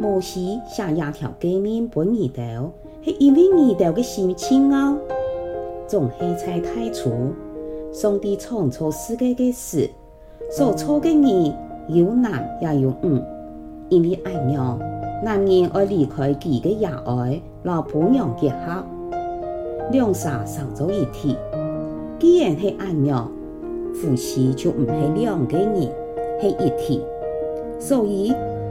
無錫下協調雞鳴本二頭，是因為二頭的是青奧，仲係菜太初，上帝創造世界個時，所錯嘅人有男也有女，因為愛鳥，男人愛離開自個嘅兒老婆娘結合，兩傻成做一體。既然是愛鳥，夫妻就唔是兩個人，係一體，所以。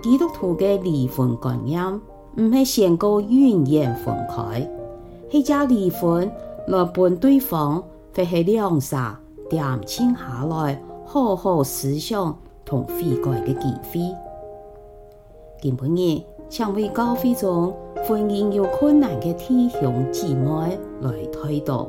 基督徒的離婚觀念唔是上告冤冤分開，係借離婚來判對方，或者兩殺減輕下來好好思想同悔改的機會。第二日，常會教非種婚姻有困難的弟兄姐妹來推動。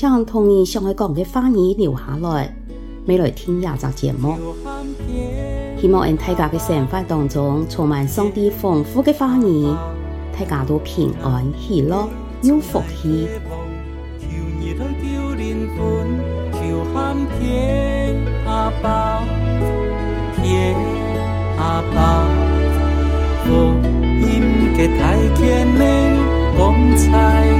想同你常愛講嘅話留下來，未來聽廿集節目，希望人大家嘅生活當中充滿上帝豐富嘅話語，大家都平安喜樂，有福氣。夕夕夕阿爸，阿爸，我應該再見你講再。